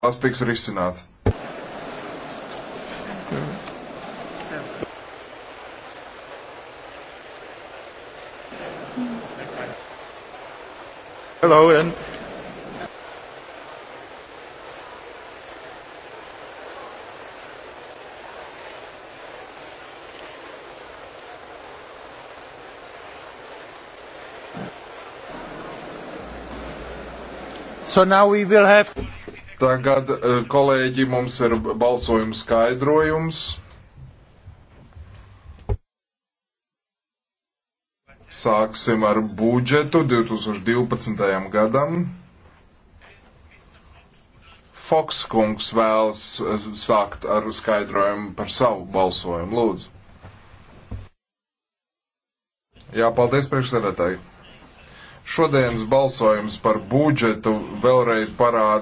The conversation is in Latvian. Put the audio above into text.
tas tiks risināts. Hello and So now we will have Tagad, eh, kolēģi, mums ir balsojuma skaidrojums. Sāksim ar budžetu 2012. gadam. Foks kungs vēlas eh, sākt ar skaidrojumu par savu balsojumu. Lūdzu. Jā, paldies priekšsēdētāji. Šodienas balsojums par budžetu vēlreiz parāda